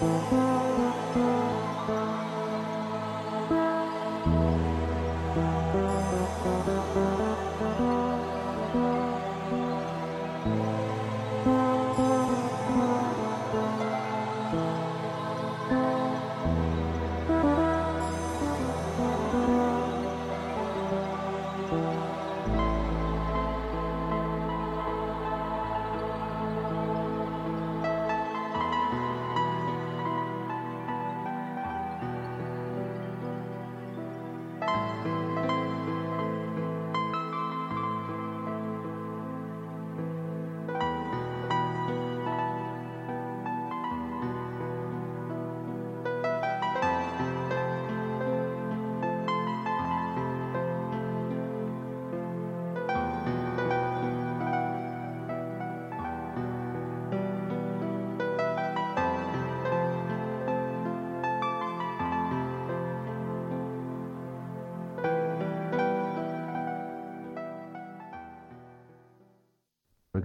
Música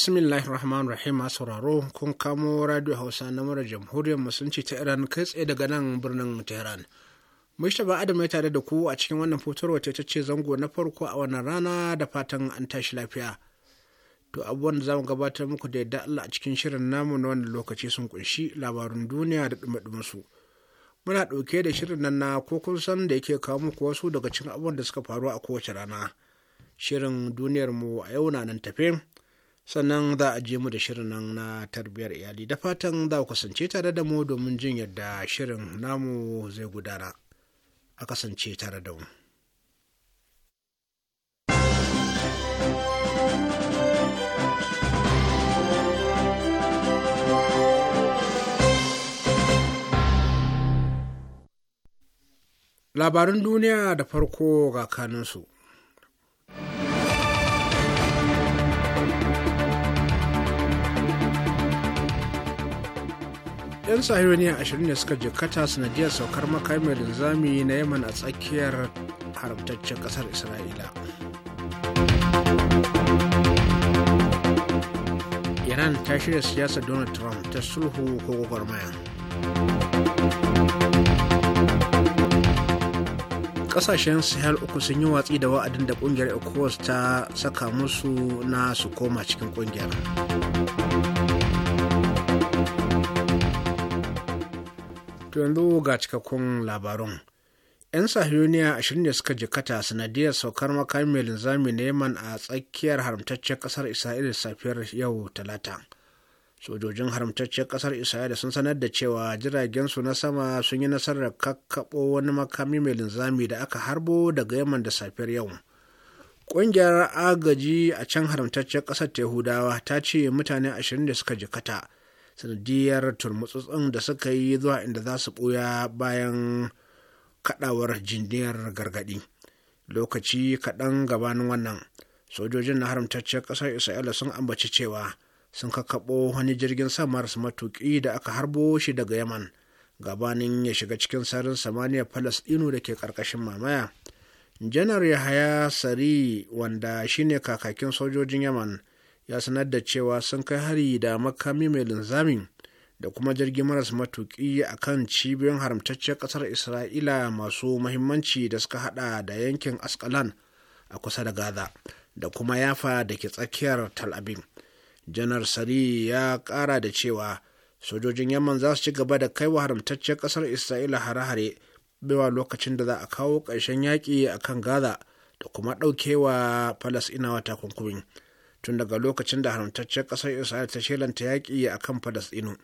bismillahir rahmanir rahim sauraro kun kamo radio hausa na mara jamhuriyar musulunci ta iran kai tsaye daga nan birnin tehran mustapha adam ya tare da ku a cikin wannan wata ta ce zango na farko a wannan rana da fatan an tashi lafiya to abubuwan da zamu gabatar muku da yadda allah a cikin shirin namu na wannan lokaci sun kunshi labarun duniya da dumadumin su muna ɗauke da shirin nan na ko kun san da yake kawo muku wasu daga cikin abubuwan da suka faru a kowace rana shirin duniyar mu a yau na nan tafe sannan za a je mu da shirin nan na tarbiyyar iyali da fatan za ku kasance tare da mu domin jin yadda shirin namu zai gudana a kasance tare da mu. Labarin duniya da farko ga kanunsu. 'yan sahiraniya ashirin da suka jikata sanadiyar saukar makami mai linzami na yaman a tsakiyar haramtaccen kasar isra'ila iran ta shirya siyasar donald trump ta sulhu ko gwagwarmaya kasashen sahel uku sun yi watsi da wa'adin da kungiyar ecowas ta saka musu na su koma cikin kungiyar to yanzu ga cikakkun labarun 'yan sahiyoniya ashirin da suka jikata sanadiyar saukar makami mai linzami na yaman a tsakiyar haramtacciyar kasar isra'ila safiyar yau talata sojojin haramtacciyar kasar isra'ila sun sanar da cewa jiragensu na sama sun yi nasarar kakkaɓo wani makami mai linzami da aka harbo daga yaman da safiyar yau ƙungiyar agaji a can haramtacciyar ƙasar Tehudawa ta ce mutane ashirin da suka jikata sanadiyar turmutsutsun da suka yi zuwa inda za su ɓuya bayan kaɗawar jiniyar gargaɗi lokaci kaɗan gabanin wannan sojojin na haramtaccen ƙasar isra'ila sun ambaci cewa sun kakaɓo wani jirgin samar su matuƙi da aka harbo shi daga yaman gabanin ya shiga cikin sararin samaniya falasɗinu da ke ƙarƙashin mamaya janar yahaya sari wanda shine kakakin sojojin yaman ya sanar da cewa sun kai hari da makami mai linzamin da kuma jirgin maras matuƙi a kan cibiyoyin haramtacciyar ƙasar isra'ila masu mahimmanci da suka hada da yankin askalan a kusa da gaza da kuma yafa da ke tsakiyar tal janar sari ya ƙara da cewa sojojin yamman za su ci gaba da kai wa haramtacciyar ƙasar isra'ila hare-hare bewa lokacin da za a kawo ƙarshen yaƙi a kan gaza da kuma ɗaukewa falasɗinawa takunkumin tun daga lokacin da haramtaccen ƙasar isra'il ta shelanta yaƙi a kan falasɗinu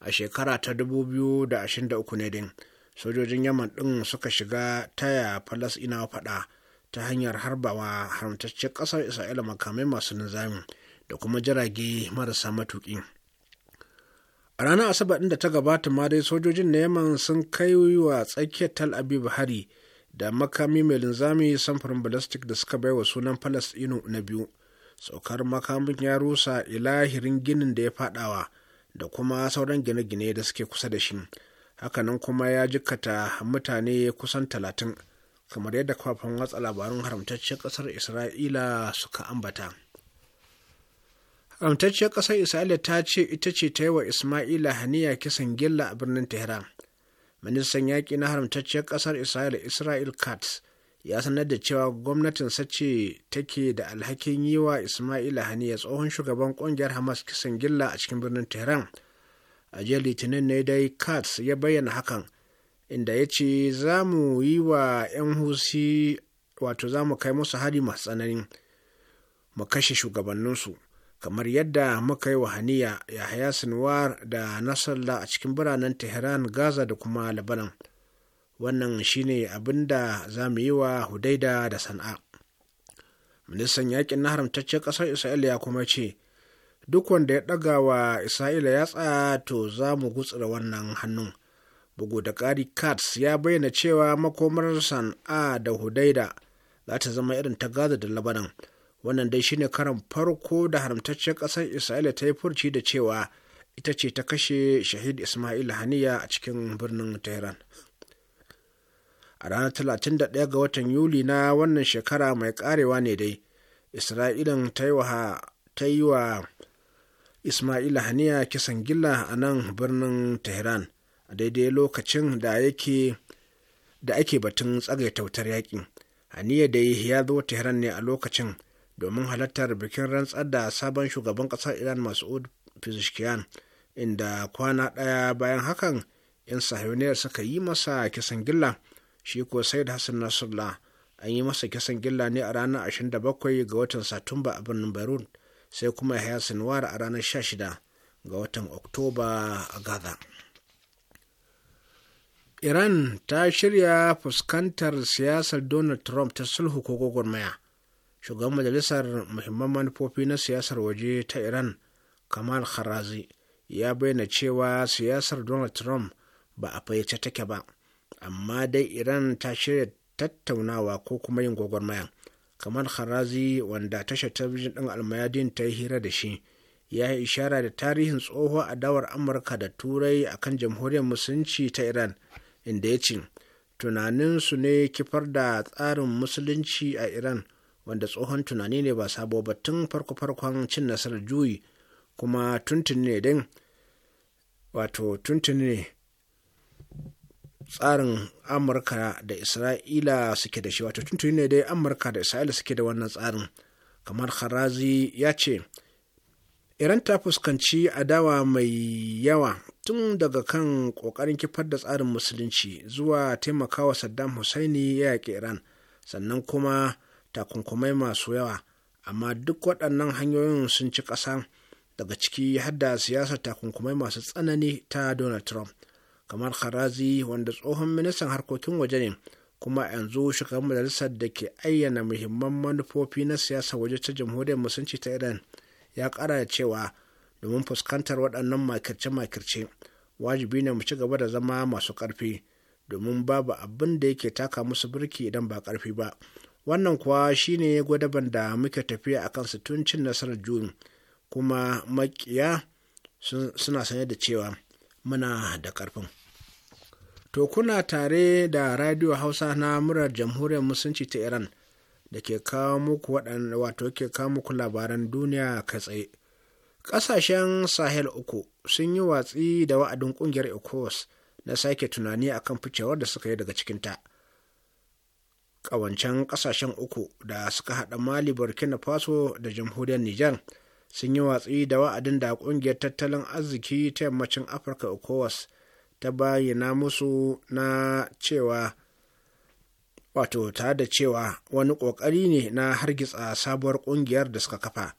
a shekara ta 2023 ne din sojojin yaman ɗin suka shiga taya falasɗinawa faɗa ta hanyar harbawa haramtaccen ƙasar isra'ila makamai masu nizami da kuma jirage marasa matuƙi a ranar asabar ɗin da ta gabata ma dai sojojin na yaman sun kai wa tsakiyar tal abib hari da makami mai linzami samfurin balastik da suka bai wa sunan falasɗinu na biyu saukar makamin ya rusa ilahirin ginin da ya fadawa da kuma sauran gine-gine da suke kusa da shi hakanan kuma ya jikata mutane kusan talatin kamar yadda kafafen watsa labarun haramtacciyar kasar isra'ila suka ambata haramtacciyar kasar isra'ila ta ce ita ce ta yi wa isma'ila haniya kisan gilla a birnin tehran ministan yaƙi na haramtacciyar kasar isra'ila isra'il katz ya sanar da cewa gwamnatin sace take da alhakin yi wa ismaila haniya tsohon shugaban kungiyar hamas kisan gilla a cikin birnin tehran a jiya litinin ne dai katz ya bayyana hakan inda ya ce za mu yi wa 'yan husi wato za mu kai musu hari masu tsanani mu kashe shugabanninsu kamar yadda muka yi wa haniya yahaya sinwar da nasarla a cikin biranen tehran gaza da kuma lebanon. wannan shine abin da za mu yi wa hudaida da sana'a ministan yakin na haramtaccen ƙasar isra'ila ya kuma ce duk wanda ya ɗaga wa isra'ila yatsa to za mu gutsura wannan hannun bugu da ƙari katz ya bayyana cewa makomar sana'a da hudaida za ta zama irin ta gaza da labanan wannan dai shine karan farko da haramtaccen ƙasar isra'ila ta yi furci da cewa ita ce ta kashe shahid ismail haniya a cikin birnin tehran a ranar 31 ga watan yuli na wannan shekara mai karewa ne dai Isra’ilin ta yi wa ismaila haniya kisan gilla a nan birnin tehran a daidai lokacin da yake da ake batun tsagaita tautar yaƙi haniya da ya zo tehran ne a lokacin domin halartar bikin rantsar da sabon shugaban ƙasar iran masu pezeshkian inda kwana ɗaya bayan hakan 'yan sahiyoniyar suka yi masa kisan gilla shi ko said hassan Nasrullah an yi masa kisan gilla ne a ranar 27 ga watan satumba a birnin beirut sai kuma yahya sinwar a ranar 16 ga watan oktoba a gaza iran ta shirya fuskantar siyasar donald trump ta sulhu ko gwagwarmaya shugaban majalisar muhimman manufofi na siyasar waje ta iran kamal kharazi ya bayyana cewa siyasar donald trump ba a fayyace take ba amma dai iran ta shirya tattaunawa ko kuma yin gwagwarmaya kamar harazi wanda tashar talabijin ɗin almayadin ta yi hira da shi ya yi ishara da tarihin tsoho a dawar amurka da turai a kan jamhuriyar musulunci ta iran inda ya ce tunaninsu ne kifar da tsarin musulunci a iran wanda tsohon tunani ne ba sabo ba tun farko-farkon cin nasarar juyi kuma tuntun ne din wato tuntun ne tsarin amurka da isra'ila suke da shi wato tuntuni ne dai amurka da isra'ila suke da wannan tsarin kamar harazi ya ce iran ta fuskanci adawa mai yawa tun daga kan kokarin kifar da tsarin musulunci zuwa taimakawa saddam hussaini ya yaƙi iran sannan kuma takunkumai masu yawa amma duk waɗannan hanyoyin sun ci ƙasa daga ciki har da siyasar takunkumai masu tsanani ta donald trump kamar harazi wanda tsohon ministan harkokin waje ne kuma yanzu shugaban majalisar da ke ayyana muhimman manufofi na siyasa waje ta jamhuriyar musulunci ta iran ya kara da cewa domin fuskantar waɗannan makirce-makirce wajibi ne mu ci gaba da zama masu karfi domin babu abin da yake taka musu birki idan ba karfi ba wannan kuwa shine gwadaban da muke tafiya a kan tun cin nasarar juyin kuma makiya suna sanye da cewa muna da karfin. To kuna tare da Radio Hausa na murar Jamhuriyar Musulunci ta Iran da ke kawo muku waɗanda wato ke kawo muku labaran duniya kai tsaye. Ƙasashen Sahel uku sun yi watsi da wa'adin ƙungiyar ECOWAS na sake tunani akan ficewar da suka yi daga cikinta. Ƙawancen ƙasashen uku da suka haɗa Mali, Burkina Faso da Jamhuriyar Nijar sun yi watsi da wa'adin da ƙungiyar tattalin arziki ta yammacin Afirka ECOWAS ta bayyana musu na cewa wato ta da cewa wani ƙoƙari ne na hargitsa sabuwar ƙungiyar da suka kafa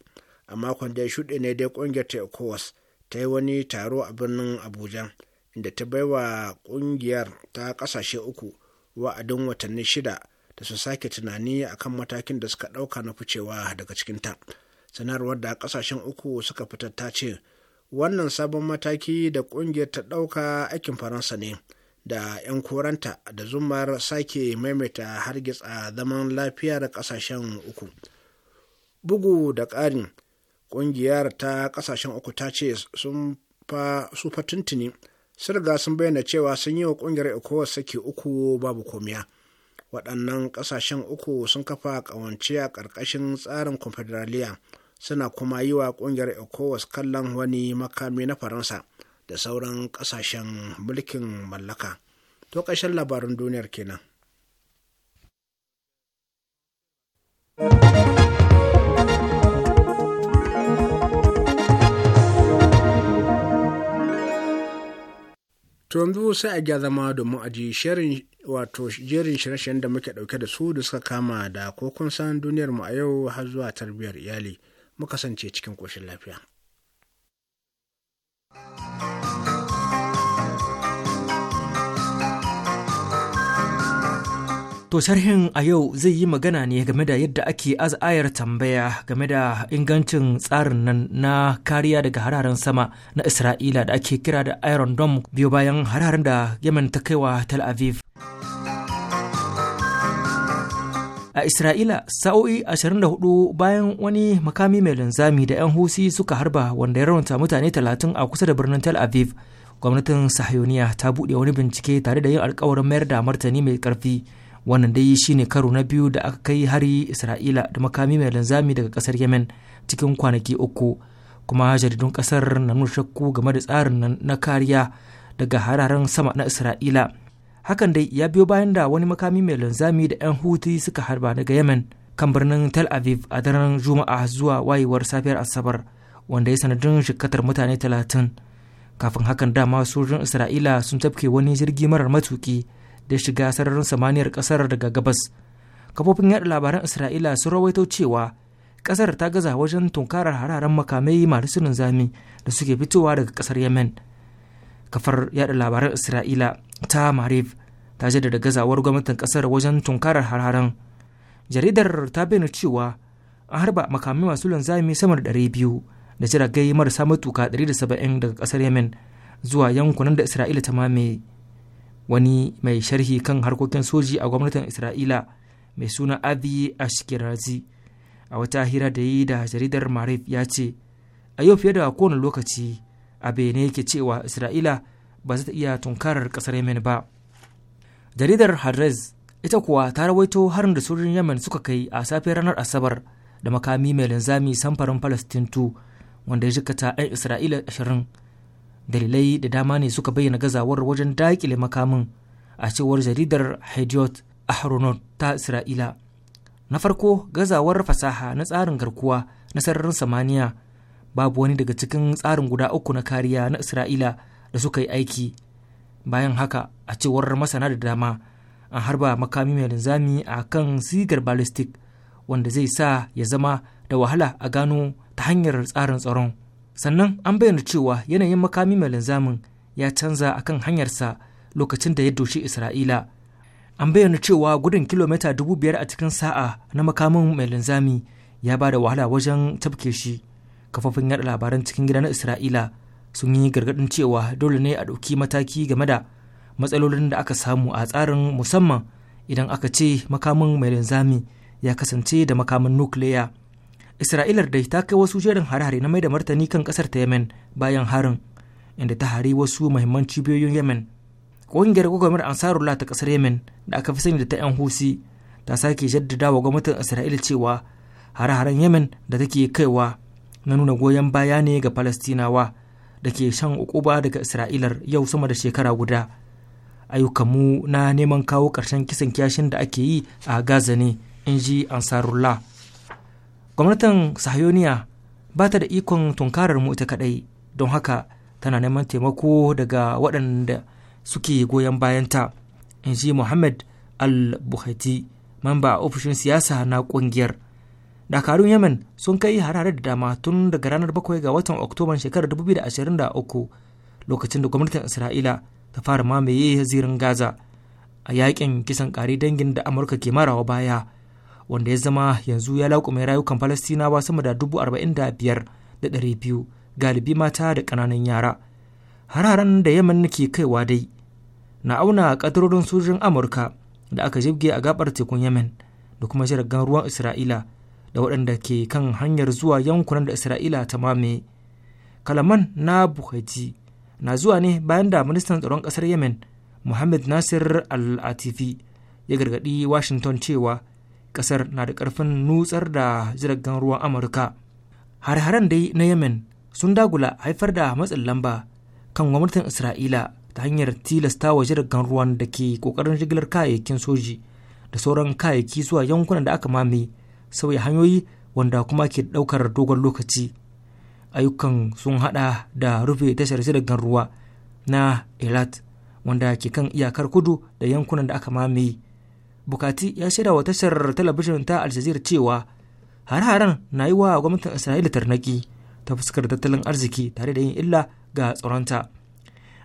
a makon da ya shuɗe ne dai ƙungiyar ta ecowas ta yi wani taro a birnin abuja inda ta bai wa ƙungiyar ta ƙasashe uku wa'adin watanni shida da su sake tunani akan matakin da suka ɗauka na ficewa daga cikinta sanarwar da ƙasashen uku suka fitar ta ce wannan sabon mataki da kungiyar ta ɗauka aikin faransa ne da 'yan koranta da zumar sake maimaita hargitsa zaman lafiyar ƙasashen uku bugu da ƙarin ƙungiyar ta ƙasashen uku ta ce sun fa su fa tuntuni sirga sun bayyana cewa sun yi wa ƙungiyar ecowas saki uku babu komiya waɗannan ƙasashen uku sun kafa ƙawance a ƙarƙashin tsarin confederalia suna kuma yi wa ƙungiyar ecowas kallon wani makami na faransa da sauran ƙasashen mulkin mallaka to ƙarshen labarin duniyar kenan. To yanzu sai a gya zama domin a ji shirin wato jerin shirye da muke dauke da su da suka kama da kokon san duniyar mu a yau har zuwa tarbiyyar iyali mu kasance cikin koshin lafiya. To sarhin a yau zai yi magana ne game da yadda ake az'ayar tambaya game da ingancin tsarin nan na kariya daga hararen sama na Isra'ila da ake kira da Iron Dome biyo bayan hararen da Yemen ta kaiwa Tel Aviv. a isra'ila sa'o'i 24 bayan wani makami mai linzami da 'yan husi suka harba wanda ya raunta mutane 30 a kusa da birnin tel aviv gwamnatin sahiyoniya ta buɗe wani bincike tare da yin alkawarin mayar da martani mai karfi wannan dai shine karo na biyu da aka kai hari isra'ila da makami mai linzami daga kasar yemen cikin kwanaki uku kuma jaridun kasar na nuna shakku game da tsarin na kariya daga hararen sama na isra'ila hakan dai ya biyo bayan da wani makami mai linzami da 'yan huti suka harba daga yemen kan birnin tel aviv a daren juma'a zuwa wayewar safiyar asabar wanda ya sanadin shikatar mutane talatin kafin hakan dama sojin isra'ila sun tafke wani jirgi marar matuki da shiga sararin samaniyar kasar daga gabas kafofin yaɗa labaran isra'ila sun rawaito cewa kasar ta gaza wajen tunkarar hararen makamai masu linzami da suke fitowa daga kasar yemen kafar yada labaran isra'ila ta marif ta jaddada gazawar gwamnatin kasar wajen tunkarar hararen jaridar ta bayyana cewa an harba makamai masu lanzami sama da biyu da jiragai marasa matuka 170 daga kasar yemen zuwa yankunan da isra'ila ta mamaye wani mai sharhi kan harkokin soji a gwamnatin isra'ila mai suna abi ashkirazi a wata hira da yi da jaridar marif ya ce a yau fiye da kowane lokaci a bene yake cewa isra'ila ba za ta iya tunkarar ƙasar yemen ba jaridar hadrez ita kuwa ta rawaito harin da sojojin yemen suka kai a safiyar ranar asabar da makami mai linzami samfarin palestine 2 wanda ya jikata 'yan isra'ila 20 dalilai da dama ne suka bayyana gazawar wajen dakile makamin a cewar jaridar hediot ahronot ta isra'ila na farko gazawar fasaha na tsarin garkuwa na sararin samaniya babu wani daga cikin tsarin guda uku na kariya na isra'ila da suka yi aiki bayan haka a cewar masana da dama an harba makami mai linzami a kan sigar ballistic wanda zai sa ya zama da wahala a gano ta hanyar tsarin tsaron sannan an bayyana cewa yanayin makami mai linzamin ya canza a kan hanyarsa lokacin da ya doshi isra'ila an bayyana cewa gudun kilomita dubu biyar a cikin sa'a na makamin mai linzami ya ba da wahala wajen tafke shi kafofin yada labaran cikin gida na isra'ila sun yi gargadin cewa dole ne a ɗauki mataki game da matsalolin da aka samu a tsarin musamman idan aka ce makamin mai linzami ya kasance da makamin nukiliya isra'ilar da ta kai wasu jerin hare-hare na mai da martani kan kasar ta yemen bayan harin inda ta hari wasu mahimman cibiyoyin yemen ƙungiyar gwamnatin ansarullah ta kasar yemen da aka fi sani da ta yan husi ta sake jaddada wa gwamnatin isra'ila cewa hare-haren yemen da take kaiwa na nuna goyon baya ne ga Falastinawa da ke shan ukuba daga Isra'ilar yau sama da shekara guda. Ayyukanmu na neman kawo ƙarshen kisan kyashin da ake yi a Gaza ne, in ji Ansarullah. Gwamnatin sahyoniya ba ta da ikon tunkarar mu ita kaɗai, don haka tana neman taimako daga waɗanda suke goyon bayanta, in ji Muhammad al-Buhati, mamba a ofishin siyasa na ƙungiyar. dakarun yemen sun kai harare da dama tun daga ranar 7 ga watan oktoban shekarar 2023 lokacin da gwamnatin isra'ila ta fara mamaye zirin gaza a yakin kisan kare dangin da amurka ke marawa baya wanda ya zama yanzu ya mai rayukan falastinawa sama da da 45,200 galibi mata da ƙananan yara hararen da yemen ke kaiwa dai na auna ƙadarorin sojin amurka da aka jibge a gabar tekun yemen da kuma jiragen ruwan isra'ila da waɗanda ke kan hanyar zuwa yankunan da isra'ila ta mame kalaman na Bukhaji na zuwa ne bayan da ministan tsaron ƙasar yemen muhammad nasir al-atifi ya gargaɗi washington cewa ƙasar na da ƙarfin nutsar da jiragen ruwan amurka har-haren dai na yemen sun dagula haifar da matsin lamba kan gwamnatin isra'ila ta hanyar tilasta wa jiragen ruwan da ke ƙoƙarin jigilar kayayyakin soji da sauran kayayyaki zuwa yankunan da aka mame sauya hanyoyi wanda kuma ke ɗaukar dogon lokaci ayyukan sun haɗa da rufe tashar jiragen ruwa na elat wanda ke kan iyakar kudu da yankunan da aka mamaye bukati ya shaida wa tashar talabijin ta aljazir cewa hare-haren na yi wa gwamnatin isra'ila tarnaki ta fuskar tattalin arziki tare da yin illa ga tsaronta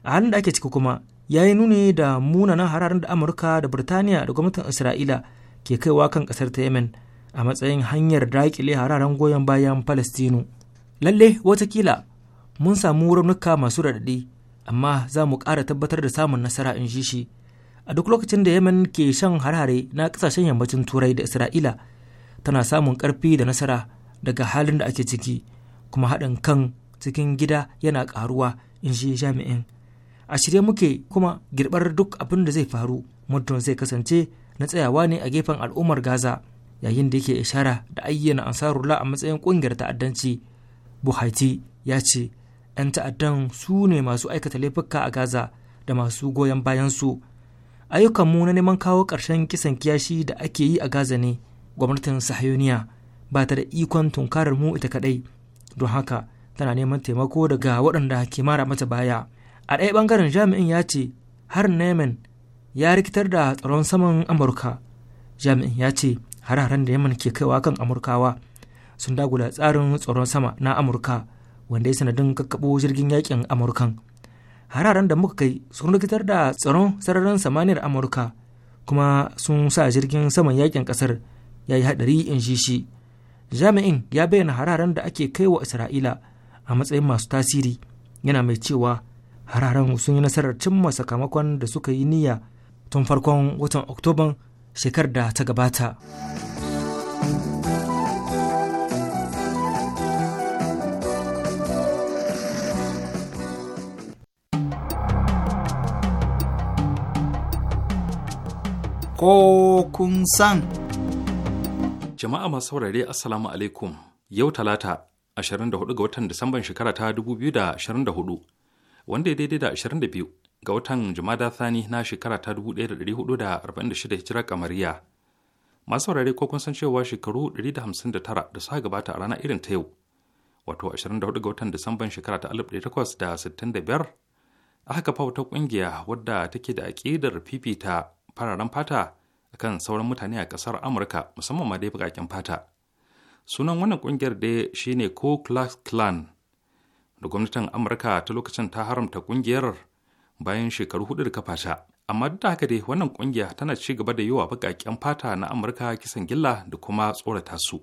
a halin da ake ciki kuma ya yi nuni da munanan hararen da amurka da birtaniya da gwamnatin isra'ila ke kaiwa kan kasar ta yemen a matsayin hanyar daƙile hararen goyon bayan Falastinu. Lalle watakila mun samu raunuka masu raɗaɗi amma za mu ƙara tabbatar da samun nasara in ji shi. A duk lokacin da Yemen ke shan harhare na ƙasashen yammacin Turai da Isra'ila tana samun ƙarfi da nasara daga halin da ake ciki kuma haɗin kan cikin gida yana ƙaruwa in ji jami'in. A shirye muke kuma girbar duk abin da zai faru muddin zai kasance na tsayawa ne a gefen al'ummar Gaza. yayin da yake ishara da ayyana ansarullah a matsayin kungiyar ta'addanci buhati ya ce 'yan ta'addan su ne masu aikata laifuka a gaza da masu goyon bayansu ayyukanmu na neman kawo ƙarshen kisan kiyashi da ake yi a gaza ne gwamnatin sahayoniya ba ta da ikon tunkarar mu ita kadai don haka tana neman taimako daga waɗanda ke mara mata baya a ɗaya ɓangaren jami'in ya ce har neman ya rikitar da tsaron saman amurka jami'in ya ce hararen da yaman ke kaiwa kan amurkawa sun dagula tsarin tsaron sama na amurka wanda ya sanadin kakkaɓo jirgin yakin amurkan hararen da muka kai sun rikitar da tsaron sararin samaniyar amurka kuma sun sa jirgin saman yakin kasar ya yi haɗari in shi shi jami'in ya bayyana hararen da ake kaiwa isra'ila a matsayin masu tasiri yana mai cewa hararen sun yi nasarar cimma sakamakon da suka yi niyya tun farkon watan oktoban shekar da ta gabata. Ko kun san. Jama'a masu saurare Assalamu alaikum yau talata 24 ga watan Disamban shekara ta 2024 wanda ya daidai da 22 ga watan Jumada Thani na shekara ta 1446 hijirar kamariya. Masu saurare ko kun san cewa shekaru 159 da suka gabata a rana irin ta yau, wato 24 ga watan Disamban shekara ta 1865 aka kafa wata kungiya wadda take da aƙidar fifita fararen fata akan sauran mutane a ƙasar Amurka musamman ma dai baƙaƙen fata. Sunan wannan kungiyar dai shine Ku Klux Klan. Da gwamnatin Amurka ta lokacin ta haramta kungiyar bayan shekaru hudu da kafata amma duk da haka dai wannan kungiya tana ci gaba da yiwa baƙaƙen fata na amurka kisan gilla da kuma tsorata su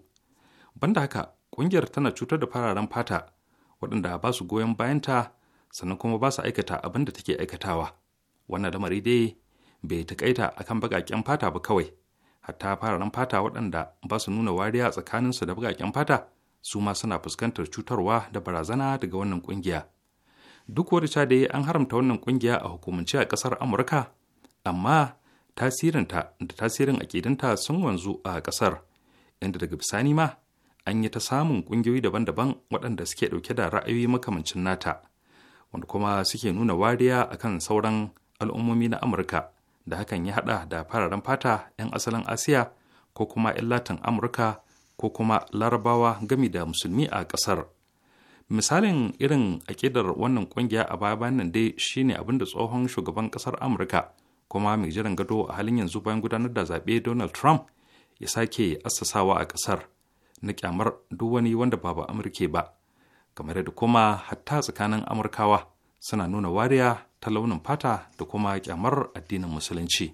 banda haka kungiyar tana cutar da fararen fata waɗanda ba su goyon bayanta sannan kuma ba su aikata abin da take aikatawa wannan lamari dai bai takaita akan baƙaƙen fata ba kawai hatta fararen fata waɗanda ba su nuna wariya tsakaninsu da baƙaƙen fata su ma suna fuskantar cutarwa da barazana daga wannan kungiya duk wani da yi an haramta wannan kungiya a hukumance a kasar amurka amma tasirinta da tasirin akidinta sun wanzu a kasar inda daga bisani ma an yi ta samun kungiyoyi daban-daban waɗanda suke ɗauke da ra'ayoyi makamancin nata wanda kuma suke nuna wariya akan sauran al'ummomi na amurka da hakan ya haɗa da fararen fata 'yan asalin asiya ko kuma 'yan latin amurka ko kuma larabawa gami da musulmi a ƙasar. misalin irin aƙidar wannan kungiya a baya nan dai shine da tsohon shugaban ƙasar amurka kuma mai jiran gado a halin yanzu bayan gudanar da zaɓe donald trump ya sake assasawa a ƙasar na kyamar duk wani wanda ba ba amurke ba kamar da kuma hatta tsakanin amurkawa suna nuna wariya ta launin fata da kuma kyamar addinin musulunci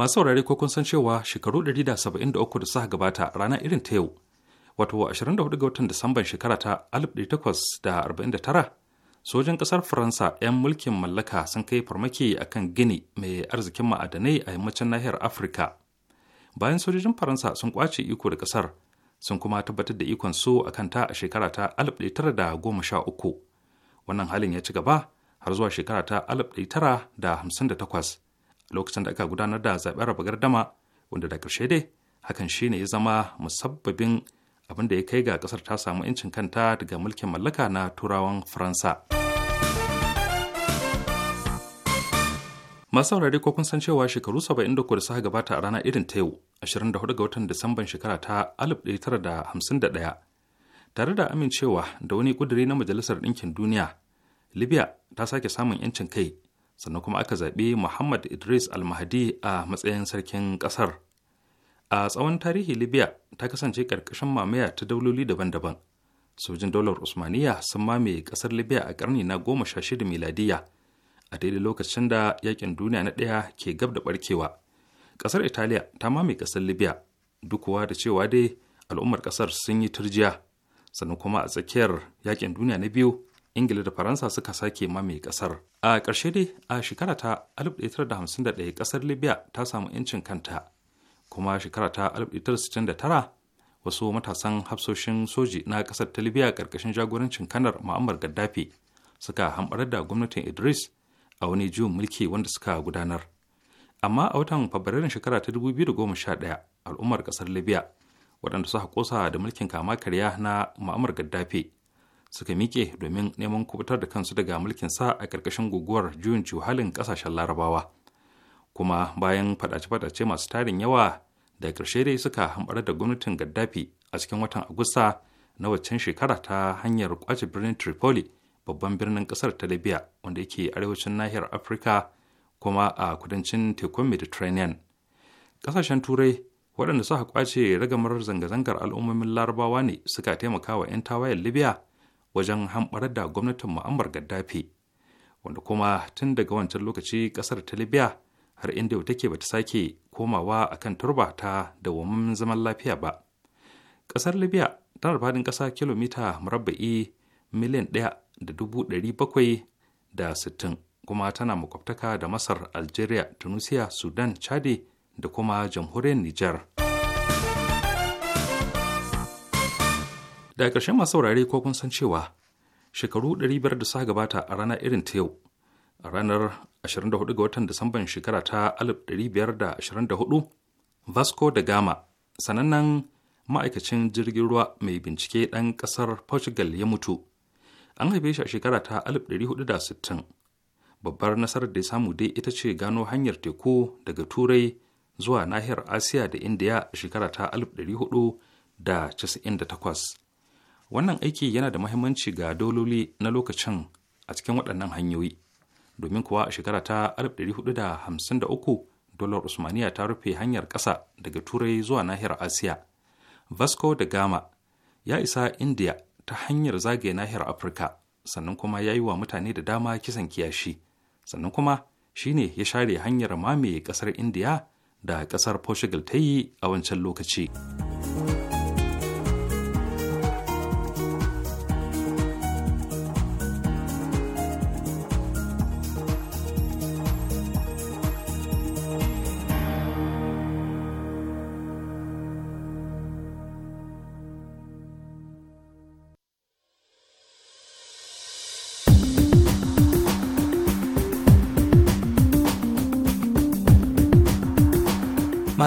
masu saurare ko kun san cewa shekaru 173 da suka gabata rana irin ta yau wato 24 ga watan disamban shekara ta 1849 sojin kasar faransa 'yan mulkin mallaka sun kai farmaki akan gini mai arzikin ma'adanai a yammacin nahiyar afirka bayan sojojin faransa sun kwace iko da kasar sun kuma tabbatar da ikon su a kanta a shekara ta 1913 wannan halin ya ci gaba har zuwa shekara ta 1958 lokacin da aka gudanar da zaɓen raba gardama wanda da ƙarshe dai hakan shine ya zama musabbabin abin da ya kai ga ƙasar ta samu 'yancin kanta daga mulkin mallaka na turawan faransa masu saurare ko kun san cewa shekaru 73 da suka gabata a rana irin ta yau 24 ga watan disamban shekara ta 1951 tare da amincewa da wani ƙuduri na majalisar ɗinkin duniya libya ta sake samun 'yancin kai sannan kuma aka zaɓi muhammad idris Al-Mahdi a matsayin sarkin ƙasar a tsawon tarihi libya ta kasance ƙarƙashin mamaya ta dauloli daban-daban sojin daular usmaniya sun mamaye ƙasar libya a ƙarni na goma sha shida miladiya a daidai lokacin da yakin duniya na ɗaya ke gab da ɓarkewa ƙasar italiya ta mamaye ƙasar libya dukuwa da cewa dai al'ummar ƙasar sun yi turjiya sannan kuma a tsakiyar yaƙin duniya na biyu ingila da faransa suka sake mamaye kasar a ƙarshe dai a shekara ta 1951 kasar libya ta samu 'yancin kanta kuma shekara ta 1969 wasu matasan hafsoshin soji na ƙasar ta libya ƙarƙashin jagorancin kanar ma'ammar gaddafi suka hamɓar da gwamnatin idris a wani juyin mulki wanda suka gudanar amma a watan fabrairun shekara ta 2011 al'ummar ƙasar libya waɗanda suka kosa da mulkin kama karya na ma'amar gaddafi suka miƙe domin neman kubutar da kansu daga mulkin sa a ƙarƙashin guguwar juyin halin ƙasashen larabawa kuma bayan faɗace-faɗace masu tarin yawa da ƙarshe dai suka hambara da gwamnatin gaddafi a cikin watan agusta na waccan shekara ta hanyar kwace birnin tripoli babban birnin ƙasar ta libya wanda yake arewacin nahiyar afirka kuma a kudancin tekun mediterranean ƙasashen turai waɗanda suka kwace ragamar zanga-zangar al'ummomin larabawa ne suka taimaka wa 'yan tawayen libya wajen hamɓar da gwamnatin mu'ammar gaddafi wanda kuma tun daga wancan lokaci ƙasar ta libya har inda yau take bata sake komawa akan turba ta da dawwammamin zaman lafiya ba ƙasar libya tana da faɗin ƙasa kilomita murabba'i miliyan ɗaya da dubu ɗari bakwai da sittin kuma tana makwabtaka da masar algeria tunisia sudan chadi da kuma jamhuriyar niger daga ƙarshen masu saurare ko kun san cewa shekaru 500 da suka gabata a rana irin ta yau a ranar 24 ga watan disamban shekara ta 1524 vasco da gama sanannen ma'aikacin jirgin ruwa mai bincike ɗan ƙasar portugal ya mutu an haife shi a shekara ta 1460 babbar nasarar da ya samu dai ita ce gano hanyar teku daga turai zuwa nahiyar asiya da indiya a shekara ta 1498 wannan aiki yana da mahimmanci ga dololi na lokacin a cikin waɗannan hanyoyi domin kuwa a shekara ta 1453 dolar usmaniya ta rufe hanyar ƙasa daga turai zuwa nahiyar asiya vasco da gama ya isa india ta hanyar zage nahiyar afirka sannan kuma ya yi wa mutane da dama kisan kiyashi sannan kuma shine ya share hanyar mamaye ƙasar india da ƙasar portugal ta yi a wancan lokaci.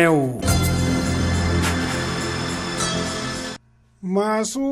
yau. Masu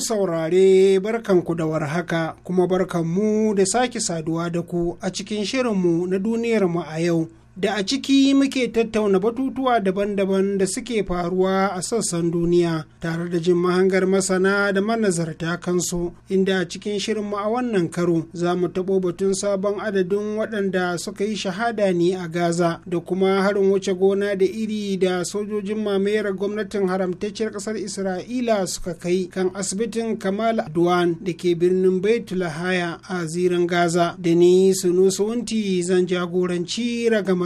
saurare barkan ku da warhaka kuma barkanmu da sake saduwa da ku a cikin shirinmu na duniyarmu a yau. da a ciki muke tattauna batutuwa daban-daban da suke faruwa a sassan duniya tare da jin mahangar masana da manazarta kansu inda a cikin shirinmu a wannan karo za mu taɓo batun sabon adadin waɗanda suka yi shahada ne a gaza da kuma harin wuce gona da iri da sojojin mamayar gwamnatin haramtacciyar ƙasar isra'ila suka kai kan asibitin kamal duwan da ke birnin baitul haya a zirin gaza da ni sunusunti zan jagoranci ragama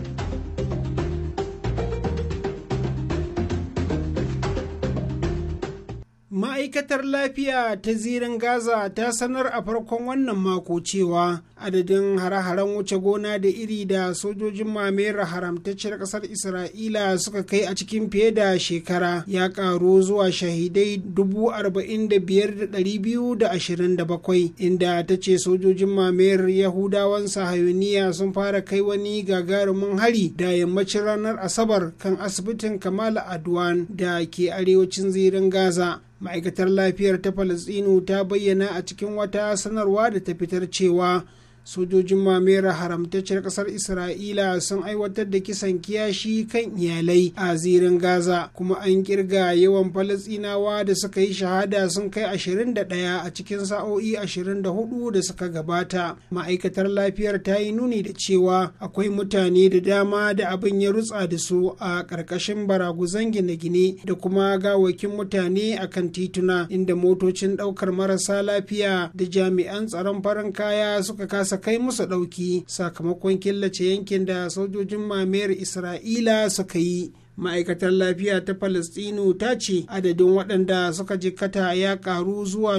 ma'aikatar lafiya ta zirin gaza ta sanar a farkon wannan mako cewa adadin hare-haren wuce gona da iri da sojojin mamayar haramtacciyar ƙasar isra'ila suka kai a cikin fiye da shekara ya ƙaru zuwa shahidai 45,227 inda ta ce sojojin mamayar yahudawan sahayuniya sun fara kai wani gagarumin hari da yammacin ranar asabar kan asibitin kamal adwan da ke arewacin zirin gaza ma'aikatar lafiyar ta falasɗinu ta bayyana a cikin wata sanarwa da ta fitar cewa sojojin mamera haramtacciyar kasar isra'ila sun aiwatar da kisan kiyashi kan iyalai a zirin gaza kuma an kirga yawan falasinawa da suka yi shahada sun kai 21 a cikin sa'o'i 24 da suka gabata ma'aikatar lafiyar ta yi nuni da cewa akwai mutane da dama da abin ya rutsa da su a ƙarƙashin baraguzan gine-gine da kuma gawakin mutane a kan tituna inda motocin ɗaukar marasa lafiya da jami'an tsaron farin kaya suka kasa kasa kai musu ɗauki sakamakon killace yankin da sojojin mamayar isra'ila suka yi ma'aikatar lafiya ta palestino ta ce adadin waɗanda suka jikata ya karu zuwa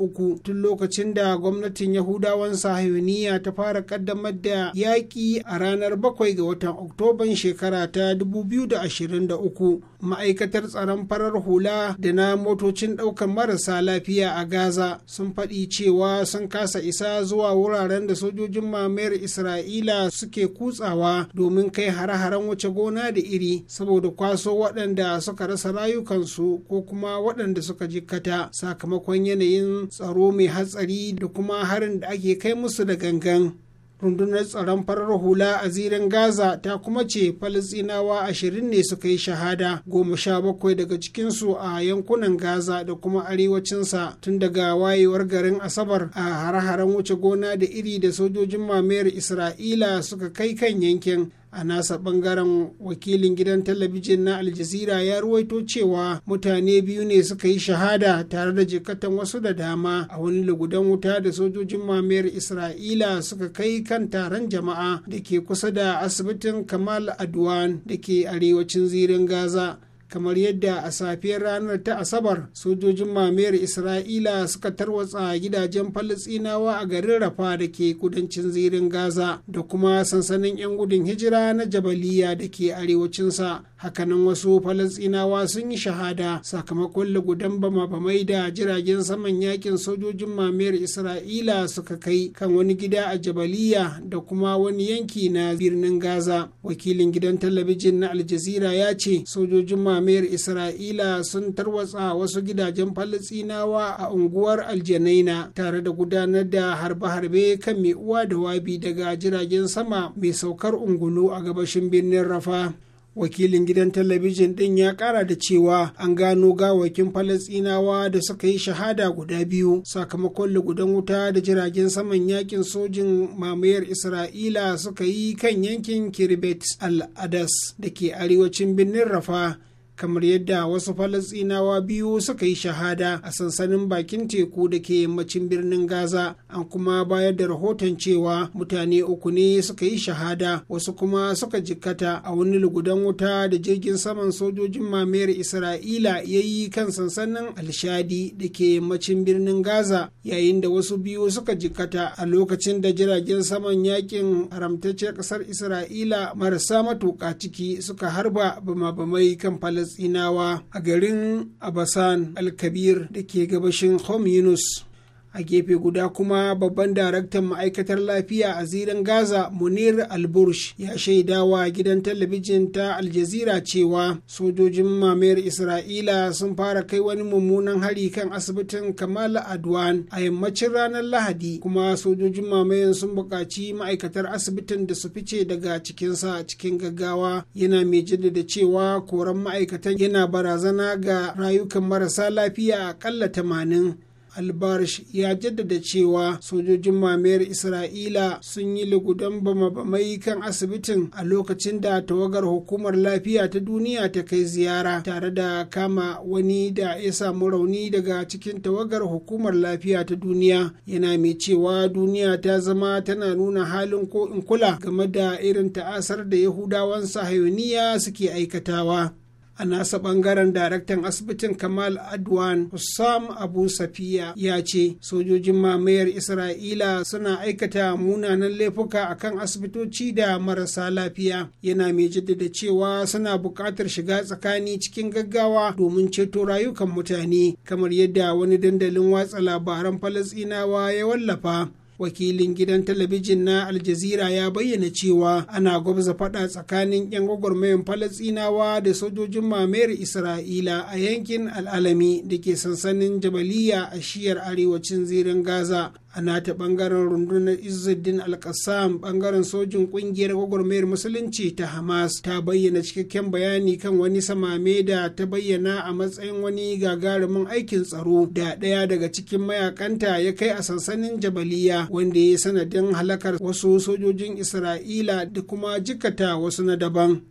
uku. tun lokacin da gwamnatin yahudawan sahiyoniya ta fara kaddamar da yaƙi a ranar bakwai ga watan oktoban shekara ta 2023 ma'aikatar tsaron farar hula da na motocin ɗaukar marasa lafiya a gaza sun faɗi cewa sun kasa isa zuwa wuraren da sojojin mamayar isra'ila suke kutsawa domin kai hare-haren wuce gona da iri saboda kwaso waɗanda suka rasa rayukansu ko kuma waɗanda suka jikkata sakamakon yanayin tsaro mai hatsari da kuma harin da ake kai musu da gangan rundunar tsaron farar hula a zirin gaza ta kuma ce falisinawa ashirin ne suka yi shahada goma sha bakwai daga cikinsu a yankunan gaza da kuma arewacinsa tun daga wayewar garin asabar a hare-haren wuce gona da iri da sojojin mamayar isra'ila suka kai kan yankin a nasa bangaren wakilin gidan talabijin na aljazira ya ruwaito cewa mutane biyu ne suka yi shahada tare da jikatan wasu da dama a wani lugudan wuta da sojojin mamayar isra'ila suka kai kan taron jama'a da ke kusa da asibitin kamal adwan da ke arewacin zirin gaza kamar yadda a safiyar ranar ta asabar sojojin mamayar isra'ila suka tarwatsa gidajen falisinawa a garin rafa da ke kudancin zirin gaza da kuma sansanin 'yan gudun hijira na jabaliya da ke arewacinsa hakanan wasu falisinawa sun yi shahada sakamakon lagudan bama-bamai da jiragen saman yakin sojojin mamayar isra'ila suka kai kan wani gida a jabaliya da kuma wani yanki na birnin gaza wakilin gidan talabijin na aljazira ya ce sojojin mamayar isra'ila sun tarwatsa wasu gidajen falasinawa a unguwar aljanaina tare da gudanar da harbe-harbe kan mai uwa da wabi daga jiragen sama mai saukar ungulu a gabashin birnin rafa wakilin gidan talabijin ɗin ya ƙara da cewa an gano gawakin falasinawa da suka yi shahada guda biyu sakamakon lugudan wuta da jiragen saman yakin sojin mamayar isra'ila suka yi kan yankin kiribet al-adas da ke arewacin birnin rafa kamar yadda wasu falasinawa biyu suka yi shahada a sansanin bakin teku da ke yammacin birnin gaza an kuma bayar da rahoton cewa mutane uku ne suka yi shahada wasu kuma suka jikkata a wani lugudan wuta da jirgin saman sojojin mamayar isra'ila ya yi kan sansanin alshadi da ke yammacin birnin gaza yayin da wasu biyu suka jikkata a lokacin da jiragen saman yakin haramtaccen kasar isra'ila marasa matuƙa ciki suka harba bama-bamai kan falas Tsinawa a garin Abasan Alkabir da ke gabashin Home Yunus. a gefe guda kuma babban daraktan ma'aikatar lafiya a zirin gaza munir albursh ya shaidawa gidan talabijin ta aljazira cewa sojojin mamayar isra'ila sun fara kai wani mummunan hari kan asibitin kamal adwan a yammacin ranar lahadi kuma sojojin mamayan sun buƙaci ma'aikatar asibitin da su fice daga cikinsa cikin gaggawa yana mai jaddada cewa koran ma'aikatan yana barazana ga rayukan marasa lafiya kalla tamanin albarsh ya jaddada cewa sojojin mamayar isra'ila sun yi lugudan bama-bamai kan asibitin a lokacin da tawagar hukumar lafiya ta duniya ta kai ziyara tare da kama wani da ya samu rauni daga cikin tawagar hukumar lafiya ta duniya yana mai cewa duniya ta zama tana nuna halin ko in kula game da irin ta'asar da yahudawan sahayoniya suke aikatawa a nasa bangaren daraktan asibitin kamal adwan hussam abu safiya ya ce sojojin mamayar isra'ila suna aikata munanan laifuka akan asibitoci da marasa lafiya yana mai jaddada cewa suna buƙatar shiga tsakani cikin gaggawa domin ceto rayukan mutane kamar yadda wani dandalin watsa labaran falasinawa ya wallafa wakilin gidan talabijin na aljazira ya bayyana cewa ana gwabza fada tsakanin 'yan gwagwarmayan falasinawa da sojojin mamayar isra'ila a yankin al'alami da ke sansanin jabaliya a shiyar arewacin zirin gaza a nata bangaren rundunar izzuddin alkassam bangaren sojin kungiyar gwagwarmayar musulunci ta hamas ta bayyana cikakken bayani kan wani samame da ta bayyana a matsayin wani gagarumin aikin tsaro da ɗaya daga cikin mayakanta ya kai a sansanin jabaliya wanda ya sanadin halakar wasu sojojin isra'ila da kuma jikata wasu na daban.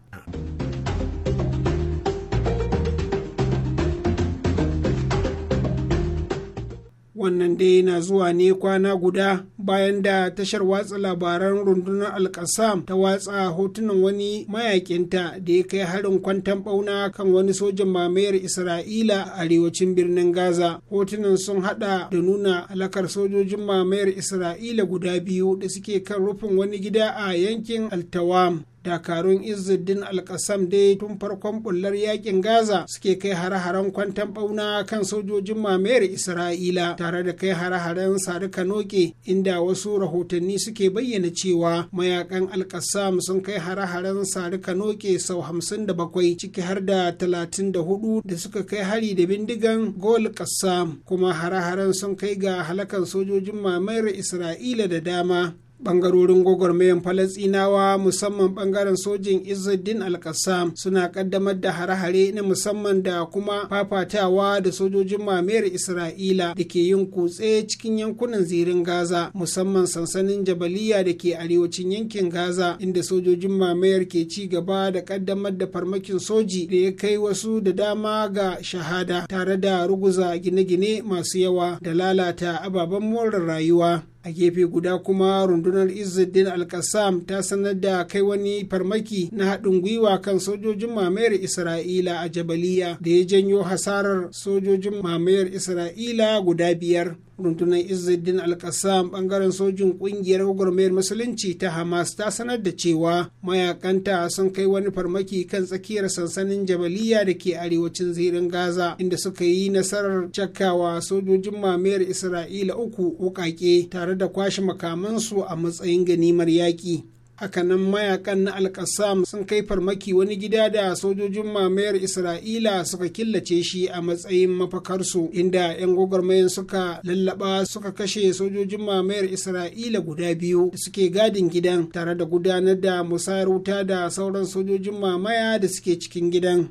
wannan dai na zuwa ne kwana guda bayan da tashar watsa labaran rundunar alkasam ta watsa hotunan wani mayakinta da ya kai harin kwantan bauna kan wani sojan mamayar isra'ila a arewacin birnin gaza hotunan sun hada da nuna alakar sojojin mamayar isra'ila guda biyu da suke kan rufin wani gida a yankin altawam dakarun izzuddin alkasam dai tun farkon bullar yakin gaza suke kai hare-haren kwantan bauna kan sojojin mamayar isra'ila tare da kai hare-haren sadu kanoke inda A wasu rahotanni suke bayyana cewa mayakan alkassam sun kai hare-haren sarika noke sau 57 ciki har da 34 da suka kai hari da bindigan gol kassam kuma hare-haren sun kai ga halakan sojojin mamayar isra'ila da dama Bangarorin gwagwarmayan Falasinawa musamman bangaren sojin Izzuddin Al-Qassam suna kaddamar da hare-hare na musamman da kuma fafatawa da sojojin mamayar Isra'ila da ke yin kutse cikin yankunan zirin Gaza musamman sansanin Jabaliya da ke arewacin yankin Gaza inda sojojin mamayar ke ci gaba da kaddamar da farmakin soji da ya kai wasu da dama ga shahada tare da ruguza gine-gine masu yawa da lalata ababen more rayuwa. a gefe guda kuma rundunar izzuddin alkassam ta sanar da kai wani farmaki na haɗin gwiwa kan sojojin mamayar isra'ila a jabaliya da ya janyo hasarar sojojin mamayar isra'ila guda biyar rundunar izzuddin alkassam bangaren sojin kungiyar gwagwarmayar musulunci ta hamas ta sanar da cewa mayakanta sun kai wani farmaki kan tsakiyar sansanin jabaliya da ke arewacin zirin gaza inda suka yi nasarar cakawa sojojin mamayar isra'ila uku wukake tare da kwashe makamansu a matsayin ganimar yaƙi hakanan mayakan na alkasam sun kai farmaki wani gida da sojojin mamayar isra'ila suka killace shi a matsayin mafakarsu inda 'yan gwagwarmayan suka lallaba suka kashe sojojin mamayar isra'ila guda biyu da suke gadin gidan tare da gudanar da musayar wuta da sauran sojojin mamaya da suke cikin gidan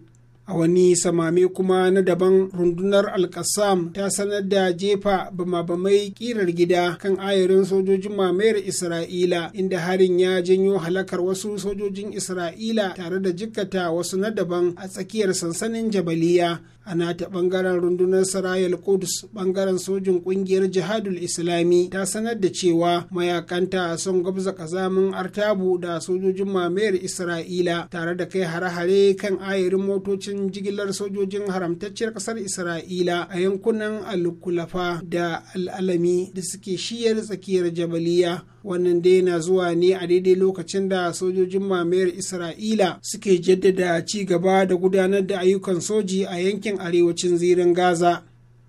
a wani samame kuma na daban rundunar alkassam ta sanar da jefa bama-bamai kirar gida kan ayarin sojojin mamayar isra'ila inda harin ya janyo halakar wasu sojojin isra'ila tare da jikkata wasu na daban a tsakiyar sansanin jabaliya a nata bangaren rundunar sarayal quds bangaren sojin kungiyar jihadul islami ta sanar da cewa mayakanta sun gwabza kazamin artabu da sojojin mamayar isra'ila tare da kai hare-hare kan ayarin motocin jigilar sojojin haramtacciyar kasar isra'ila a yankunan al-kulafa da al'alami da suke shiyar tsakiyar jabaliya wannan dai na zuwa ne a daidai lokacin da sojojin mamayar isra'ila suke jaddada ci gaba da gudanar da ayyukan soji a yankin arewacin zirin gaza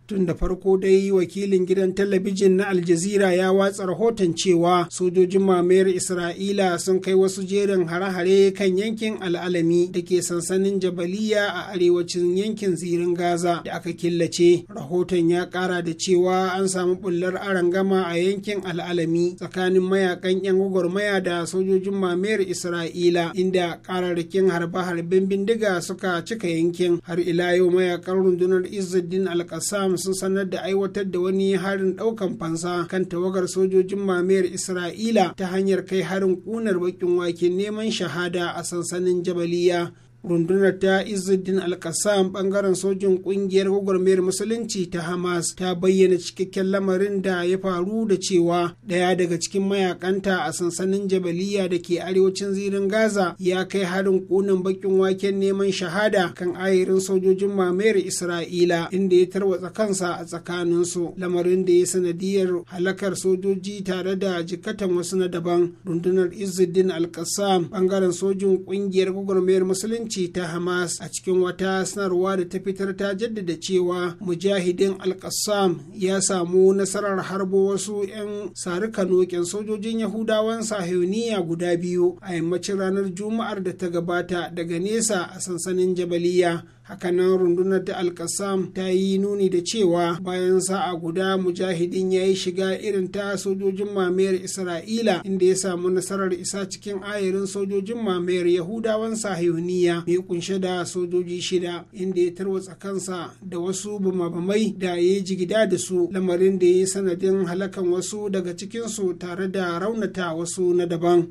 tun da farko dai wakilin gidan talabijin na aljazira ya watsa rahoton cewa sojojin mamayar isra'ila sun kai wasu jerin hare-hare kan yankin al'alami da ke sansanin jabaliya a arewacin yankin zirin gaza da aka killace rahoton ya kara da cewa an samu bullar gama a yankin al'alami tsakanin mayakan yan gwagwarmaya da sojojin mamayar isra'ila inda kararrakin harbe-harben bindiga suka cika yankin har ila yau mayakan rundunar izzuddin al-qassam sun sanar da aiwatar da wani harin ɗaukan fansa kan tawagar sojojin mamayar isra'ila ta hanyar kai harin ƙunar baƙin wake neman shahada a sansanin jabaliya rundunar ta izuddin alkasam bangaren sojin kungiyar gwagwarmayar musulunci ta hamas ta bayyana cikakken lamarin da ya faru da cewa daya daga cikin mayakanta a sansanin jabaliya da ke arewacin zirin gaza ya kai harin kunan bakin waken neman shahada kan ayarin sojojin mamayar isra'ila inda ya tarwatsa kansa a tsakanin su" lamarin da ya sanadiyar halakar sojoji tare da jikatan wasu na daban rundunar izuddin alkasam bangaren sojin kungiyar gwagwarmayar musulunci hukunci ta hamas a cikin wata sanarwa da ta fitar ta jaddada cewa mujahidin Al-Qassam ya samu nasarar harbo wasu 'yan sarika nokin sojojin yahudawan sahiyoniya guda biyu a yammacin ranar juma'ar da ta gabata daga nesa a sansanin jabaliya hakanan rundunar ta alkasam ta yi nuni da cewa bayan sa'a guda mujahidin ya yi shiga irin ta sojojin mamayar isra'ila inda ya samu nasarar isa cikin ayarin sojojin mamayar yahudawan sahihuniya mai kunshe da sojoji shida inda ya tarwatsa kansa da wasu bumabamai da ya yi jigida da su lamarin da ya yi sanadin halakan wasu daga cikinsu tare da raunata wasu na daban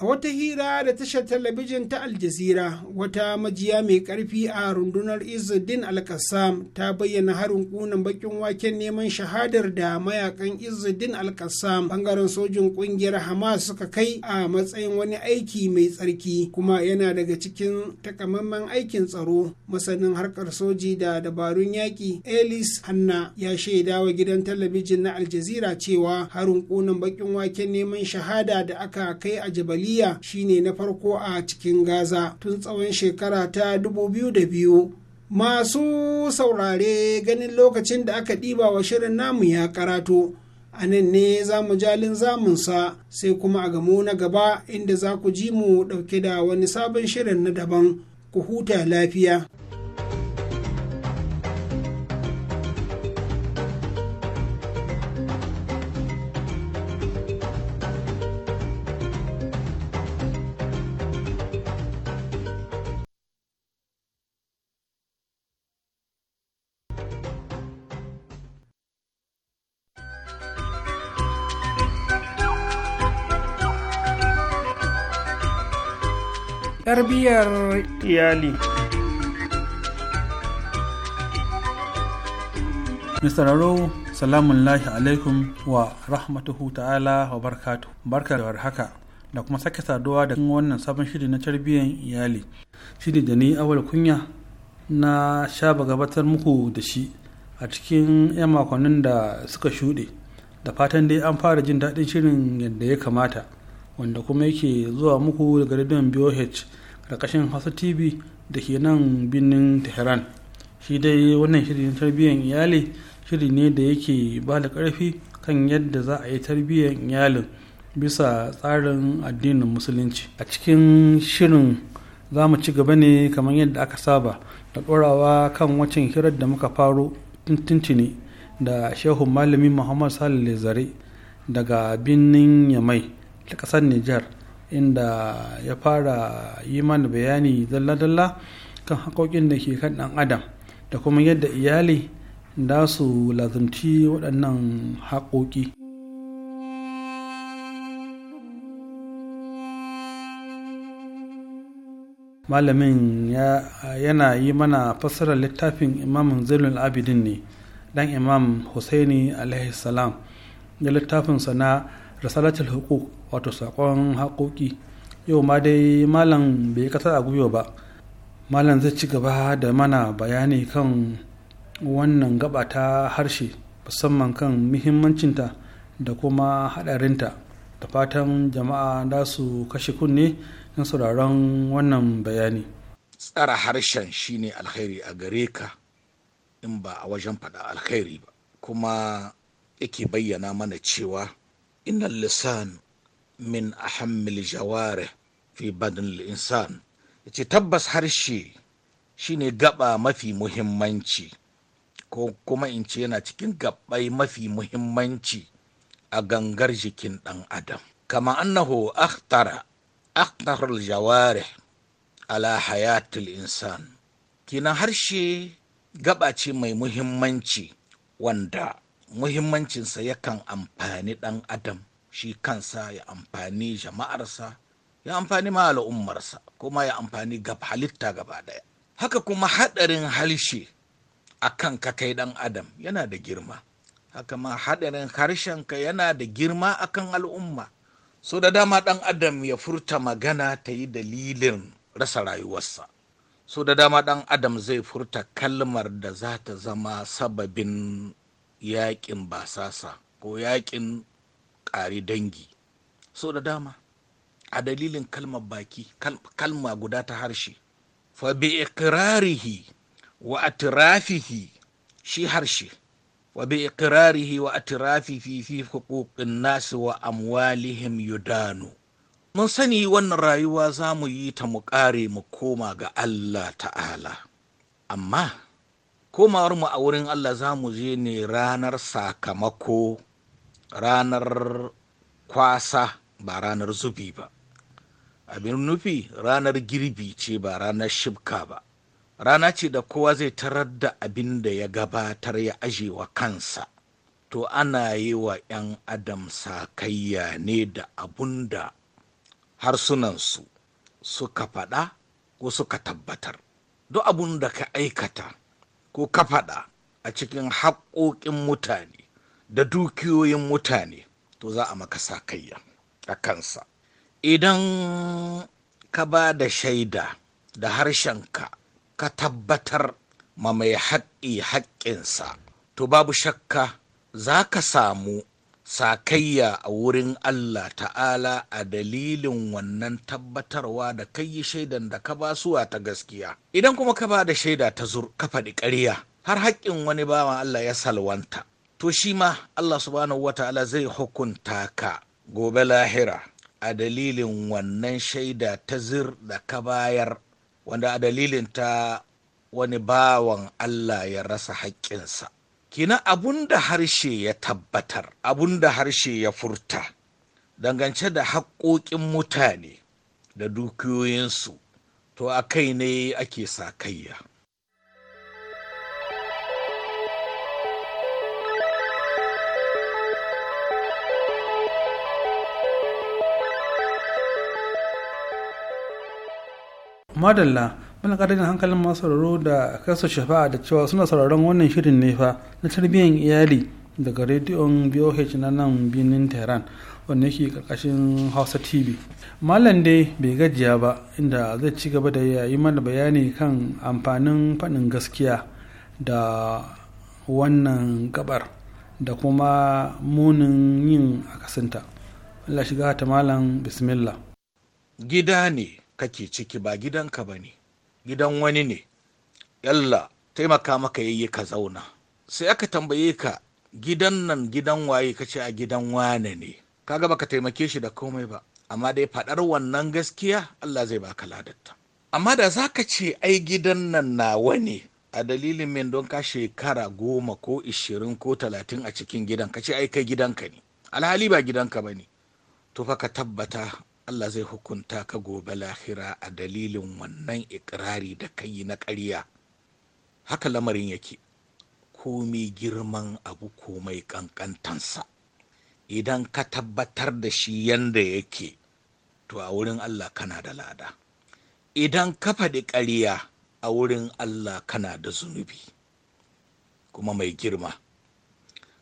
a wata hira da tashar talabijin ta aljazira wata majiya mai karfi a rundunar izzuddin alkassam ta bayyana harin kunan bakin waken neman shahadar da mayakan izzuddin alkassam bangaren sojin kungiyar hamas suka kai a matsayin wani aiki mai tsarki kuma yana daga cikin takamaiman aikin tsaro masanin harkar soji da dabarun yaƙi elis hanna ya shaidawa gidan talabijin na aljazira cewa harin kunan bakin waken neman shahada da aka kai a jabali Siriya shine na farko a cikin Gaza tun tsawon shekara ta 2002. Masu saurare ganin lokacin da aka ɗiba wa shirin namu ya karato. a nan ne za mu jalin zamunsa sai kuma a gamo na gaba inda za ku ji mu ɗauke da wani sabon shirin na daban ku huta lafiya. tarbiyyar iyali mistararo salamun lahi alaikum wa rahmatuhu ta'ala wa barkatu barka da haka da kuma sake saduwa da wannan sabon shiri na tarbiyyar iyali shiri da ni awal kunya na shaba gabatar muku da shi a cikin 'yan makonnin da suka shuɗe da fatan dai an fara jin daɗin shirin yadda ya kamata wanda kuma yake zuwa muku daga rediyon BOH karkashin Hausa TV da ke nan birnin Tehran. Shi dai wannan shirin tarbiyyar iyali shiri ne da yake ba da karfi kan yadda za a yi tarbiyyar iyalin bisa tsarin addinin musulunci. A cikin shirin za mu ci gaba ne kamar yadda aka saba da ɗorawa kan wacin hirar da muka faro tuntuntuni da shehu malami Muhammad Salih Zare daga birnin Yamai. ta ƙasar nijar inda ya fara yi mana bayani dalla-dalla kan haƙoƙin da ke kan ɗan adam da kuma yadda iyali da su lazumci waɗannan haƙoƙi malamin yana yi mana fassarar littafin imamin zainul abidin ne dan imam husaini alaihi salam da littafinsa na risalatul hukuk wato sakon haƙoƙi yau ma dai malam bai kasar a gwiwa ba malam zai ci gaba da mana bayani kan wannan gaba ta harshe musamman kan muhimmancinta da kuma haɗarinta da fatan jama'a da su kashe kunne don sauraron wannan bayani tsara harshen shine alkhairi a gare ka in ba a wajen faɗa alkhairi ba kuma yake bayyana mana cewa inna lisan min ahammil jawarih fi badin insan ce tabbas harshe shine gaba mafi muhimmanci ko kuma in ce yana cikin gabai mafi muhimmanci a gangar jikin ɗan adam kama annahu akhtara akhtarul jawarih ala hayatul insan kina harshe gaba ce mai muhimmanci wanda muhimmancinsa yakan amfani ɗan adam shi kansa ya amfani jama'arsa ya amfani ma al'ummarsa kuma ya amfani ga halitta gaba daya haka kuma haɗarin harshe a kan ka kai ɗan adam yana da girma haka ma haɗarin harshenka yana da girma a kan al'umma so da dama ɗan adam ya furta magana ta yi dalilin rasa rayuwarsa so da dama ɗan adam zai furta kalmar da za ta zama sababin yaƙin basasa ko yaƙin ƙare dangi so da dama a dalilin kalmar baki kalma guda ta harshe fa bi iqrarihi wa atrafihi shi harshe wa bi iqrarihi wa atrafihi fi huquqin nas wa amwalihim yudanu mun sani wannan rayuwa za mu yi ta mu ƙare mu koma ga Allah ta'ala amma komawar mu a wurin Allah za mu je ne ranar sakamako ranar kwasa ba ranar zubi ba abin nufi ranar girbi ce ba ranar shibka ba rana ce da kowa zai tarar da abin da ya gabatar ya aje wa kansa to ana yi wa 'yan adam sakayya ne da abun da harsunansu suka faɗa ko suka tabbatar duk abun da ka aikata ko ka faɗa a cikin haƙoƙin mutane da dukiyoyin mutane to za a maka sakayya a kansa idan ka ba da shaida da harshenka ka tabbatar ma mai haƙƙi haƙƙinsa to babu shakka za ka samu sakayya a wurin Allah ta'ala a dalilin wannan tabbatarwa da kai shaidan da ka ba suwa ta gaskiya idan kuma ka ba da shaida ta zur ka faɗi ƙarya har haƙƙin wani bawan Allah ya salwanta to shi ma Allah subhanahu ta'ala zai hukunta ka gobe lahira a dalilin wannan shaida ta zir da ka bayar wanda a dalilin ta wani bawan Allah ya rasa haƙƙinsa kina abun da harshe ya tabbatar abun da harshe ya furta dangance da haƙoƙin mutane da dukiyoyinsu to a kai ne ake sakayya madalla muna ƙarin hankalin masu sauraro da kasa shafa'a da cewa suna sauraron wannan shirin nefa na tarbiyyar iyali daga rediyon boh na nan birnin tehran wanda yake karkashin hausa tv malam dai bai gajiya ba inda zai ci gaba da yayi mana bayani kan amfanin faɗin gaskiya da wannan gabar da kuma munin yin akasinta allah shiga ta malam bismillah gida ne kake ciki ba gidanka ba ne gidan wani ne yalla taimaka maka yayi ka zauna sai aka tambaye ka gidan nan gidan waye kace a gidan wane ne kaga baka taimake shi da komai ba amma dai faɗar wannan gaskiya Allah zai baka ladatta amma da za ka ce ai gidan nan na wani. a dalilin min don ka shekara goma ko ishirin ko talatin a cikin gidan kace ce ai kai gidanka ne alhali ba gidanka ba ne to fa ka tabbata Allah zai hukunta ka gobe lahira a dalilin wannan ikirari da ka yi na ƙarya haka lamarin yake komai girman abu komai ƙanƙantansa idan ka tabbatar da shi yanda yake to a wurin Allah kana da lada idan ka faɗi ƙarya a wurin Allah kana da zunubi kuma mai girma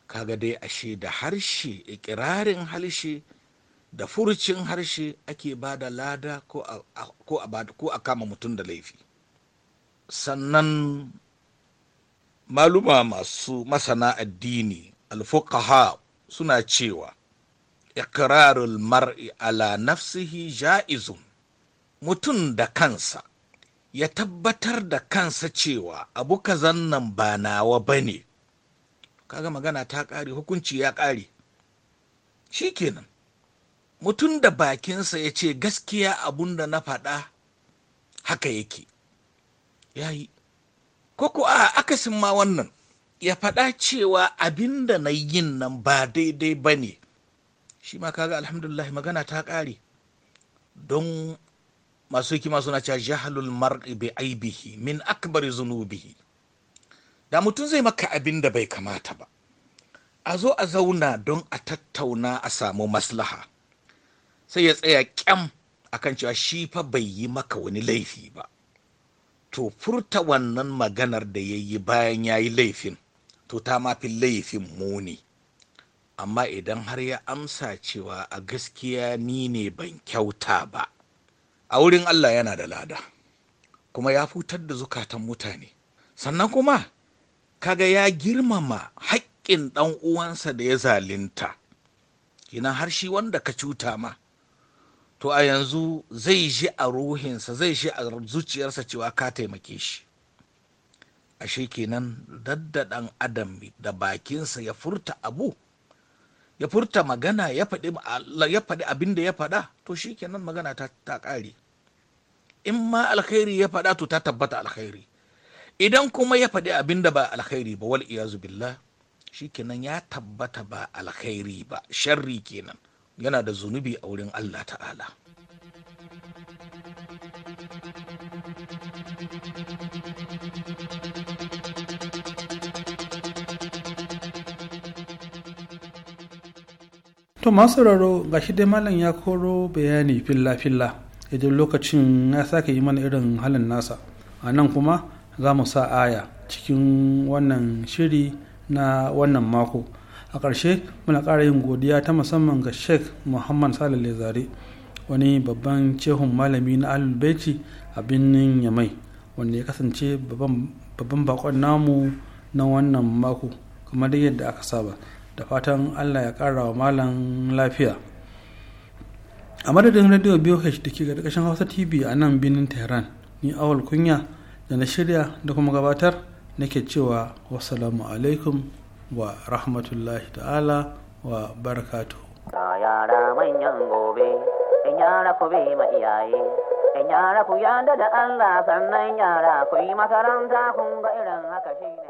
kaga dai ashe da harshe ikirarin harshe da furucin harshe ake ba da lada ko a kama mutum da laifi sannan maluma masu masana addini alfuqaha suna cewa ikrarul mar'i ala nafsihi ja'izun mutum da kansa ya tabbatar da kansa cewa abu kazan nan ba nawa ba ne kaga magana ta ƙare hukunci ya ƙare kenan mutum da bakinsa ya ce gaskiya abun da na faɗa haka yake ya yi koko a akasin ma wannan ya faɗa cewa abinda da na yin nan ba daidai ba ne shi ma kaga alhamdulillah magana ta ƙare don masu hikima suna cewa jahalul mar'i bi aibihi min akbari zunubihi da mutum zai maka abin da bai kamata ba a zo a zauna don a tattauna a samu maslaha sai ya tsaya kyam akan cewa shi fa bai yi maka wani laifi ba to furta wannan maganar da ya yi bayan ya yi laifin to ta ma fi laifin muni amma idan har ya amsa cewa a gaskiya ni ne ban kyauta ba a wurin allah yana da lada kuma ya futar da zukatan mutane sannan kuma kaga ya girmama haƙƙin ɗan uwansa da ya zalinta kina har shi wanda ka cuta ma to a yanzu zai ji a ruhinsa zai ji a zuciyarsa cewa ka taimake shi ashe kenan daddaɗan adam da bakinsa ya furta abu ya furta magana ya faɗi abin da ya faɗa to shi kenan magana ta ƙare in ma alkhairi ya faɗa to ta tabbata alkhairi idan kuma ya faɗi abin da ba alkhairi ba wal iyazu billah shi kenan ya tabbata ba alkhairi ba sharri kenan yana da zunubi a wurin Allah ta'ala to masu raro ga shi dai malam ya koro bayani filla-filla idan lokacin ya sake yi mana irin halin nasa a nan kuma za mu sa aya cikin wannan shiri na wannan mako a ƙarshe muna ƙara yin godiya ta musamman ga sheikh muhammad salih lezare wani babban cehun malami na alubeci a birnin yamai wanda ya kasance babban bakon namu na wannan mako kamar yadda aka saba da fatan allah ya ƙara wa malam lafiya a madadin radio boh da ke ƙarƙashin hausa tv a nan birnin tehran ni awal kunya da na shirya da kuma gabatar nake cewa wasu alaikum wa rahmatullahi ta'ala wa barakatu. yara manyan gobe in yara ku bi ma iyaye in yara ku yada da Allah sannan yara ku yi makaranta kun ga irin haka shi